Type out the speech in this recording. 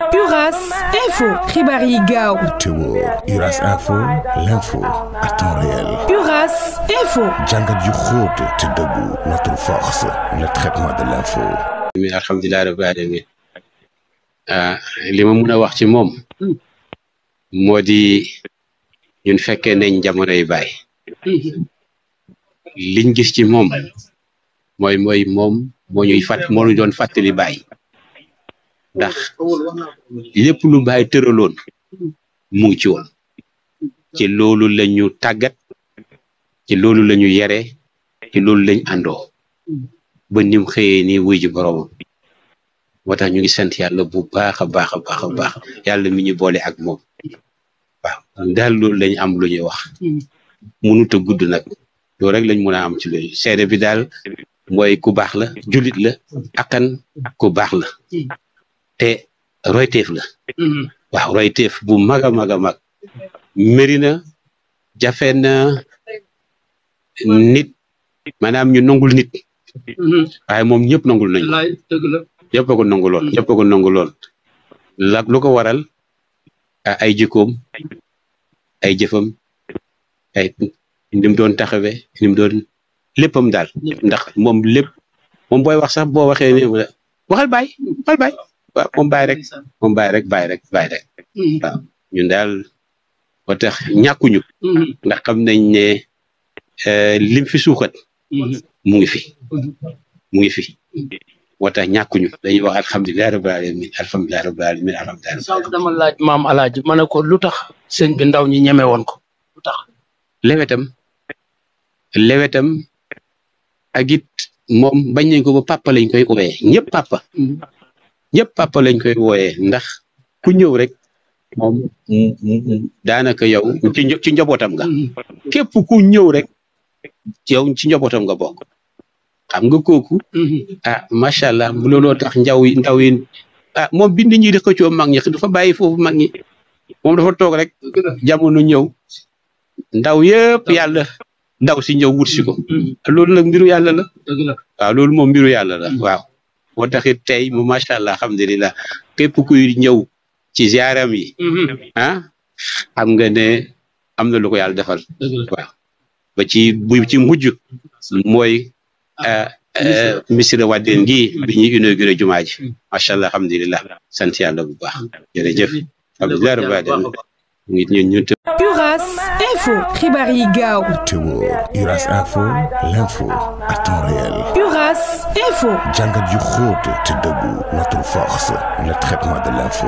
Uras Info xibaar yi gaaw te wóor Uras Info l'info à temps réel Uras Info jàngat yu te dëggu notre force le traitement de l'info min alhamdulilah rabbil alamin ah, li ma mun a wax ci moom moo di ñun fekkee nañ jamono yi baay liñ gis ci moom mooy mooy moom moo ñuy fàtt moo ñu doon fàttali baay ndax lépp lu bàyyi tëraloon mu ngi ci woon ci loolu lañu tàggat ci loolu lañu yare ci loolu lañ àndoo ba nim xëyee ni wuy ji boroomam moo tax ñu ngi sent yàlla bu baax a baax a baax baax yàlla mi ñu boole ak moom waaw daal loolu lañ am lu ñuy wax mënut a gudd nag loolu rek lañ mën a am ci loolu seede bi daal mooy ku baax la julit la akan ku baax la te royteef la mm-hmm. waaw bu mag a mag a mag mëri na jafe na nit maanaam ñu nangul nit mm-hmm. waaye moom ñëpp nangul nañ ñëpp a ko nanguloon ñëpp a ko nanguloon la lu ko waral ay jikkoom ay jëfam ay ni mu doon taxawe ni doon léppam daal ndax moom lépp moom booy wax sax boo waxee ne waxal baay waxal baay waaw moom bàyyi rek moom bàyyi rek bàyyi rek bàyyi rek hmm. waaw ñun daal ba tax ñàkkuñu hmm. ndax xam nañ ne eh, lim fi suukat hmm. mu ngi fi mu ngi fi moo tax ñàkkuñu dañuy wax alhamdulilah rabbil alamin alhamdulilah rabbil alamin alhamdulilah sànq dama laaj maam alaaji ma ne ko lu tax sëñ bi ndaw ñi ñeme woon ko lu tax lewetam lewetam ak it moom bañ nañ ko ba papa lañ koy ubbee ñëpp papa ñëpp papa lañ koy wooyee ndax ku ñëw rek moom daanaka yow ci ci njabootam nga képp ku ñëw rek yow ci njabootam nga bokk xam nga kooku ah macha allah looloo tax njaw yi ndaw yi ah moom bind ñi di xëccoo mag ñi dafa bàyyi foofu mag ñi moom dafa toog rek jamono ñëw ndaw yëpp yàlla ndaw si ñëw wut si ko mm-hmm. loolu nag mbiru yàlla la waaw loolu moom mbiru yàlla la mm-hmm. waaw moo taxit tey mu macha allah alhamdulilah képp kuy ñëw ci ziaram yi. Mm-hmm. ah xam nga ne na lu yàlla defal. waaw ba ci bu ci mujj mooy euh, euh, Missirah Wadène gi bi ñuy inauguré jumaa ji mm-hmm. macha allah alhamdulilah sant yàlla bu baax jërëjëf. alhamdulilah Uras Info, Ribari Gao. Uras Info, l'info à temps réel. Uras Info. Django du te debout, notre force, le traitement de l'info.